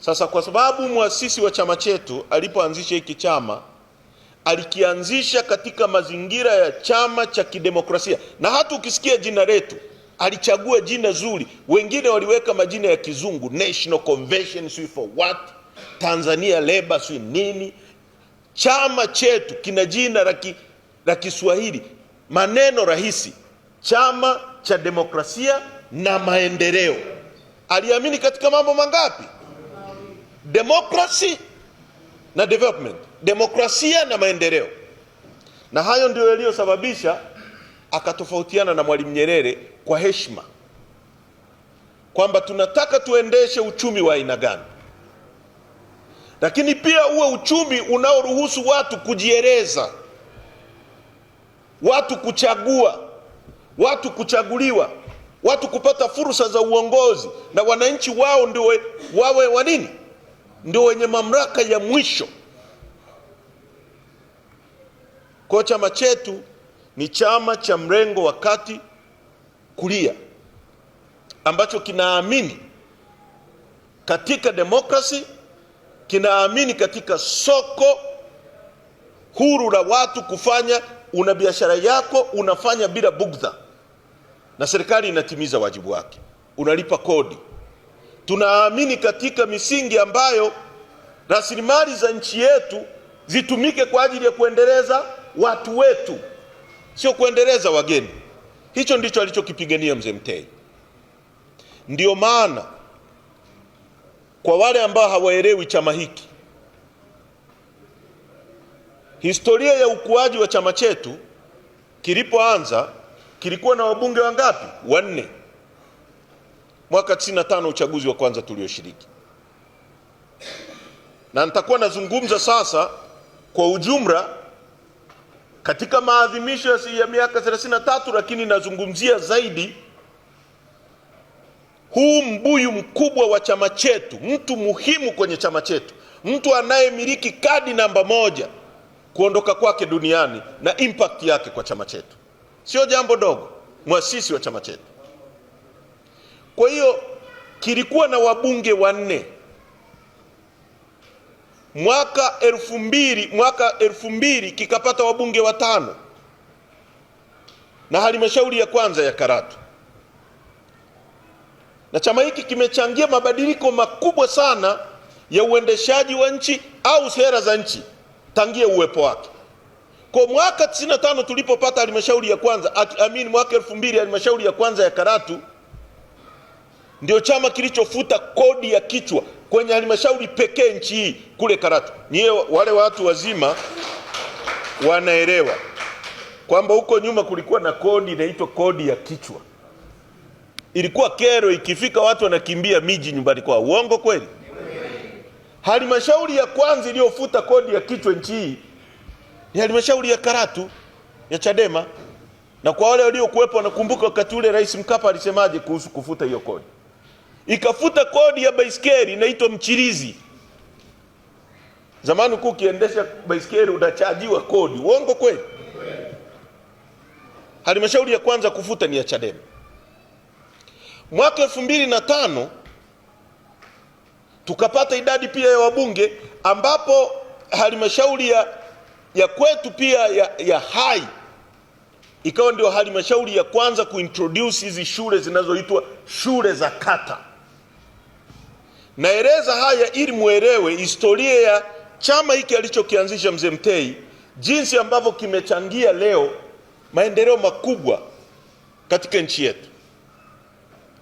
Sasa kwa sababu mwasisi wa chama chetu alipoanzisha hiki chama alikianzisha katika mazingira ya chama cha kidemokrasia, na hata ukisikia jina letu alichagua jina zuri. Wengine waliweka majina ya kizungu, National Convention sui for what, Tanzania Labour sui nini. Chama chetu kina jina la Kiswahili, maneno rahisi, chama cha demokrasia na maendeleo. Aliamini katika mambo mangapi? democracy na development, demokrasia na maendeleo. Na hayo ndio yaliyosababisha akatofautiana na Mwalimu Nyerere kwa heshima kwamba tunataka tuendeshe uchumi wa aina gani, lakini pia uwe uchumi unaoruhusu watu kujieleza, watu kuchagua, watu kuchaguliwa, watu kupata fursa za uongozi na wananchi wao ndio wawe wa nini ndio wenye mamlaka ya mwisho. Kwa chama chetu ni chama cha mrengo wa kati kulia ambacho kinaamini katika demokrasi, kinaamini katika soko huru la watu kufanya, una biashara yako unafanya bila bugdha, na serikali inatimiza wajibu wake, unalipa kodi tunaamini katika misingi ambayo rasilimali za nchi yetu zitumike kwa ajili ya kuendeleza watu wetu, sio kuendeleza wageni. Hicho ndicho alichokipigania mzee Mtei. Ndiyo maana kwa wale ambao hawaelewi chama hiki, historia ya ukuaji wa chama chetu, kilipoanza kilikuwa na wabunge wangapi? Wanne mwaka 95 uchaguzi wa kwanza tulioshiriki, na nitakuwa nazungumza sasa kwa ujumla katika maadhimisho ya miaka 33, lakini nazungumzia zaidi huu mbuyu mkubwa wa chama chetu, mtu muhimu kwenye chama chetu, mtu anayemiliki kadi namba moja, kuondoka kwake duniani na impact yake kwa chama chetu sio jambo dogo, mwasisi wa chama chetu. Kwa hiyo kilikuwa na wabunge wanne mwaka elfu mbili mwaka elfu mbili kikapata wabunge watano na halmashauri ya kwanza ya Karatu, na chama hiki kimechangia mabadiliko makubwa sana ya uendeshaji wa nchi au sera za nchi tangia uwepo wake. Kwa mwaka 95 tulipopata halmashauri ya kwanza amini, mwaka elfu mbili halmashauri ya kwanza ya Karatu ndio chama kilichofuta kodi ya kichwa kwenye halmashauri pekee nchi hii kule Karatu. Niye wale watu wazima wanaelewa kwamba huko nyuma kulikuwa na kodi inaitwa kodi ya kichwa, ilikuwa kero, ikifika watu wanakimbia miji nyumbani kwao. Uongo kweli? Halmashauri ya kwanza iliyofuta kodi ya kichwa nchi hii ni halmashauri ya Karatu ya Chadema, na kwa wale waliokuwepo wanakumbuka wakati ule Rais Mkapa alisemaje kuhusu kufuta hiyo kodi ikafuta kodi ya baiskeli inaitwa mchirizi. Zamani kuu ukiendesha baiskeli unachajiwa kodi. Uongo kweli? Halmashauri ya kwanza kufuta ni ya Chadema. Mwaka elfu mbili na tano tukapata idadi pia ya wabunge ambapo halmashauri ya, ya kwetu pia ya, ya Hai ikawa ndio halmashauri ya kwanza kuintroduce hizi shule zinazoitwa shule za kata. Naeleza haya ili mwelewe historia ya chama hiki alichokianzisha mzee Mtei, jinsi ambavyo kimechangia leo maendeleo makubwa katika nchi yetu.